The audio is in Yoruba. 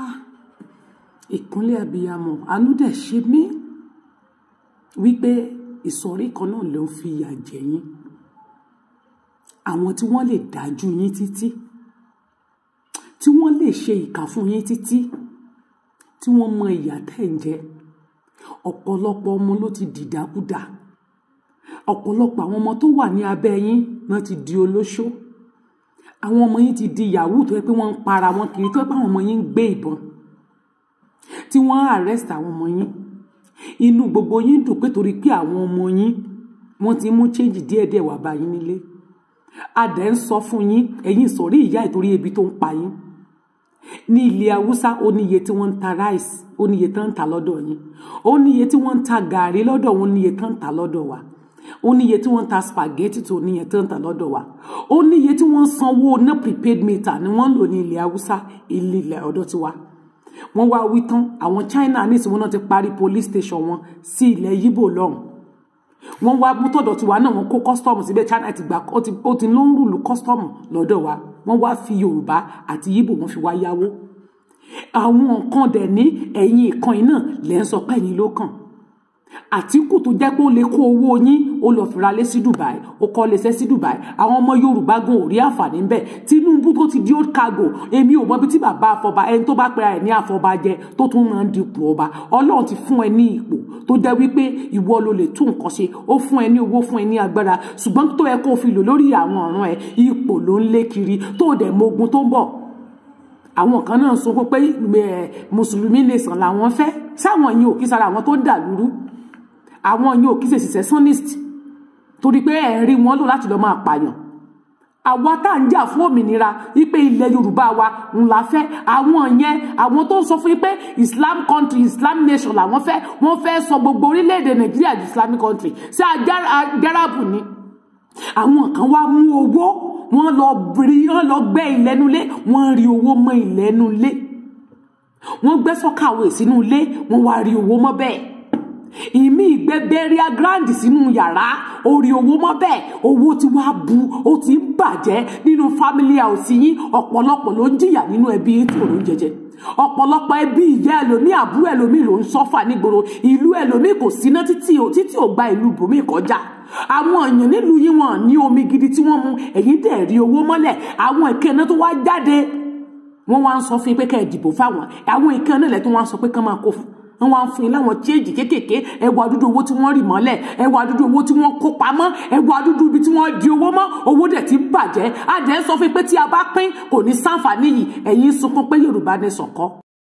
Ah! Ìkúnlẹ̀ abiyamọ, àánú dẹ̀ ṣe mí wípé ìsọ̀rí kan náà ló ń fi ìyà jẹ yín. Àwọn tí wọ́n lè dájú yín títí, tí wọ́n lè ṣe ìkà fún yín títí, tí wọ́n mọ ìyà tẹ̀ ń jẹ. Ọ̀pọ̀lọpọ̀ ọmọ ló ti dìdàkudà. Ọ̀pọ̀lọpọ̀ àwọn ọmọ tó wà ní abẹ́ yín náà ti di olóṣó àwọn ọmọ yín ti di yahoo tó yẹ pé wọ́n ń para wọn kiri tó yẹ pé àwọn ọmọ yín ń gbé ìbọn tí wọ́n ń arrest àwọn ọmọ yín inú gbogbo yín dùn pé torí pé àwọn ọmọ yín wọ́n ti mú change díẹ̀díẹ̀ wá bá yín nílé adẹ̀ ń sọ fún yín ẹ̀yin ìsọ̀rí ìyá ìtorí ebi tó ń pa yín ní ilẹ̀ haúsá ó ní iye tí wọ́n ń ta rice ó ní iye tí wọ́n ń ta lọ́dọ̀ yín ó ní iye tí wọ́n ń ta gàrí lọ́dọ̀ wọn ní iye tí wọ́n ń ta lọ́dọ̀ wa ó níye tí wọ́n ń ta spaghetti tó níye tó ń tà lọ́dọ̀ wa ó níye tí wọ́n ń sanwó ná prepaid meter ni wọ́n ń lò ní ilẹ̀ haúsá ilé ilẹ̀ ọ̀dọ̀ tiwa wọ́n wá wí tán àwọn China ní ìsìnkú náà ti parí police station wọn sí ilẹ̀ yíbò lọ́hùn wọ́n wá mú tọ̀dọ̀ tiwa náà wọ́n kó custom síbẹ̀ China ti gbà ó ti ló ń rùlù custom lọ́dọ̀ wa wọ́n wá fi Yorùbá àti yíbò wọ́n fi wá yáwó àwọn nǹkan dẹ̀ ní ẹ̀yìn ìkan iná lẹ́ ń sọ pẹ́yìn ló kàn àtìkù tó jẹ́ pé ó lè kó owó yín ó lọ fìrà lé sí Dubai ó kọ́ lẹ́sẹ̀ sí Dubai àwọn ọmọ Yorùbá gan ò rí àǹfààní ń bẹ̀ Tinubu tó ti di old cargo èmi ò mọ bí tí bàbá afọba ẹni tó bá pera ẹ̀ ní afọba jẹ tó tún máa ń dipò ọba Ọlọ́run ti fún ẹ ní ipò tó jẹ́ wípé ìwọ ló lè tún nǹkan ṣe ó fún ẹ ní owó fún ẹ ní agbára ṣùgbọ́n tó yẹ kó o fi lò lórí àwọn ọ̀ràn ẹ ipò ló ń lé kiri tó dẹ̀ mogun tó ń bọ̀ àwọn kan náà sọ pé mùsùlùmí lè sàn làwọn fẹ́ sáwọn yìí ò kí sara àwọn tó dà lúrú àwọn yìí ò kí ṣe secessionist torí pé ẹ̀ rí wọn lò láti lọ́ọ́ máa pààyàn àwa tá à ń jà fún òmìnira wípé ilẹ̀ yorùbá wa ń fẹ́ àwọn yẹn àwọn tó ń sọ fún pé islam country islam nation làwọn fẹ́ wọ́n fẹ́ sọ gbogbo orílẹ̀-èdè nàìjíríà di islamic country ṣé agáràbù ni àwọn kan wá mú owó wọ́n lọ rí wọ́n lọ gbẹ́ ìlẹ́nulé wọ́n rí owó mọ́ ìlẹ́nulé wọ́n gbẹ́ sọ́kàwé sínú ilé wọ́n wá rí owó mọ́ bẹ́ẹ̀ ìmí ìgbẹ́ bẹ́ríà grand sínú yàrá orí owó mọ́ bẹ́ẹ̀ owó ti wá bu ó ti ń bàjẹ́ nínú family house yín ọ̀pọ̀lọpọ̀ ló ń jìyà nínú ẹbí tòrò jẹjẹ ọ̀pọ̀lọpọ̀ ẹbí ìyá ẹlòmíì àbúrò ẹlòmíì ló ń sọ́fà nígboro ìlú ẹlòmíì kò síná títí ò títí ò gba ìlú bòmíì kọjá àwọn èèyàn nílùú yìí wọn ní omi gidi tí wọ́n mu ẹ̀yìn dẹ̀ rí owó mọ́lẹ̀ àwọn ìkànnì tó wá jáde wọ́n wá ń sọ fún yín pé kẹ́ ẹ̀ dìbò fáwọn àwọn ìkànnì lẹ́tọ́ wọ́n á sọ pé kán máa kó fún un wọ́n wá ń fún yín láwọn chéèjì kéékèèké ẹwà dúdú owó tí wọ́n rì mọ́lẹ̀ ẹwà dúdú owó tí wọ́n kó pamọ́ ẹwà dúdú ibi tí wọ́n di owó mọ́ owó dẹ̀ ti bàjẹ́ àdẹ́ sọ fún pé tí a bá pín kò ní sáǹfààní yìí ẹ̀yin sunkún pé Yorùbá ní sọ̀kọ́.